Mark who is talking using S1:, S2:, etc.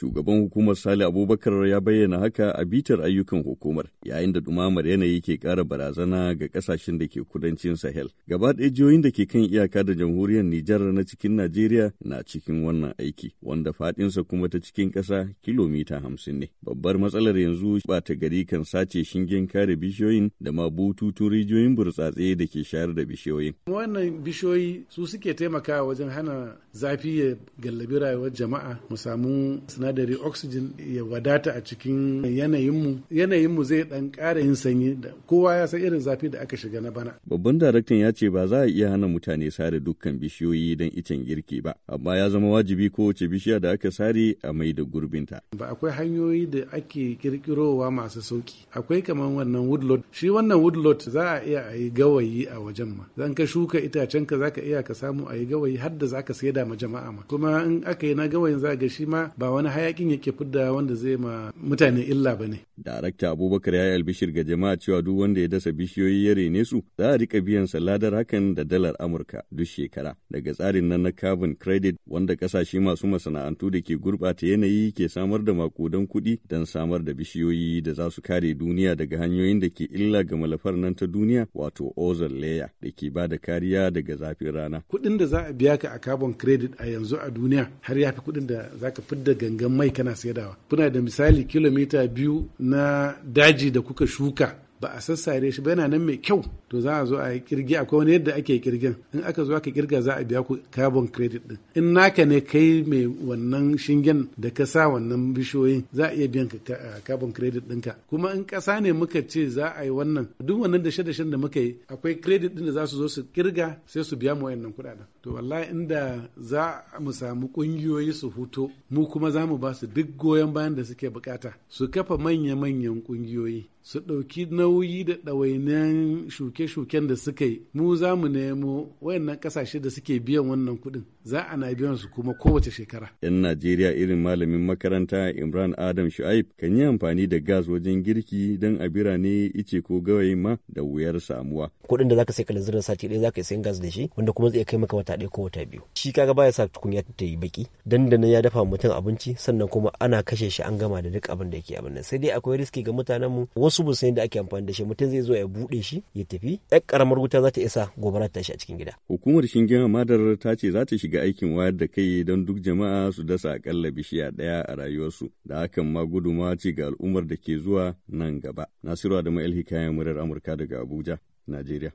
S1: Shugaban hukumar Sale Abubakar ya bayyana haka a bitar ayyukan hukumar yayin da dumamar yanayi ke ƙara barazana ga kasashen da ke kudancin Sahel. Gaba ɗaya jihohin da ke kan iyaka da jamhuriyar Nijar na cikin Najeriya na cikin wannan aiki wanda faɗinsa kuma ta cikin ƙasa kilomita hamsin ne. Babbar matsalar yanzu ɓata gari kan sace shingen kare bishiyoyin da ma bututun rijiyoyin burtsatse da ke shayar da bishiyoyin.
S2: Wannan bishiyoyi su suke taimakawa wajen hana zafi ya gallabi rayuwar jama'a mu samu sinadari oxygen ya wadata a cikin yanayinmu yanayinmu zai dan kara yin sanyi da kowa ya san irin zafi da aka shiga na bana
S1: babban daraktan ya ce ba za a iya hana mutane sare dukkan bishiyoyi don icen girki ba amma ya zama wajibi kowace bishiya da aka sare a mai da gurbinta
S2: ba akwai hanyoyi da ake kirkirowa masu sauki akwai kamar wannan woodlot shi wannan woodlot za a iya a yi gawayi a wajen ma zan ka shuka itacen ka zaka iya ka samu a yi gawayi har da zaka saida ma jama'a ma kuma in aka yi na gawayin za ga shi ma ba wani hayakin yake fidda wanda zai ma mutane illa ba ne.
S1: Darakta Abubakar ya yi albishir ga jama'a cewa duk wanda ya dasa bishiyoyi ya rene su za a rika biyan saladar hakan da dalar Amurka duk shekara daga tsarin nan na carbon credit wanda kasashe masu masana'antu da ke gurɓata yanayi ke samar da makudan kuɗi don samar da bishiyoyi da za su kare duniya daga hanyoyin da ke illa ga malafar nan ta duniya wato ozone layer da ke ba da kariya daga zafin rana.
S2: Kuɗin da za a biya ka a carbon credit a yanzu a duniya har ya fi kuɗin da za ka fidda ganga idan mai kana saidawa kuna da misali kilomita biyu na daji da kuka shuka ba a sassare shi ba yana nan mai kyau to za a zo a yi kirgi akwai wani yadda ake kirgin in aka zo aka kirga za a biya ku carbon credit din in naka ne kai mai wannan shingen da ka sa wannan bishiyoyin za a iya biyan ka eh, carbon credit ɗinka kuma in ƙasa ne muka ce za a yi wannan duk wannan da dashen da muka yi akwai credit din da za su zo su kirga sai su biya mu wayannan kuɗaɗen to wallahi inda za mu samu kungiyoyi su hutu mu kuma za mu ba su duk goyon bayan da suke bukata su kafa manya-manyan kungiyoyi su ɗauki nauyi da ɗawainan shuke-shuken da suka yi mu za mu nemo wayannan ƙasashe da suke biyan wannan kuɗin za a na biyan su kuma kowace shekara.
S1: yan najeriya irin malamin makaranta imran adam shu'aib kan yi amfani da gas wajen girki don a birane ice ko gawayi ma da wuyar samuwa.
S3: kuɗin da zaka sai kalanzir da sati ɗaya zaka sayan gas da shi wanda kuma zai kai maka wata ɗaya ko wata biyu shi kaga baya sa tukunya ta yi baki dandanan ya dafa mutum abinci sannan kuma ana kashe shi an gama da duk abin da yake abin nan sai dai akwai riski ga mutanen mu wasu bu san da ake amfani da shi mutum zai zo ya bude shi ya tafi yar karamar wuta za ta isa gobara ta shi a cikin gida
S1: hukumar shingen hamadar ta ce za ta shiga aikin wayar da kai don duk jama'a su dasa akalla bishiya ɗaya a rayuwarsu da hakan ma gudumawa ce ga al'ummar da ke zuwa nan gaba nasiru da alhikayen murar amurka daga abuja najeriya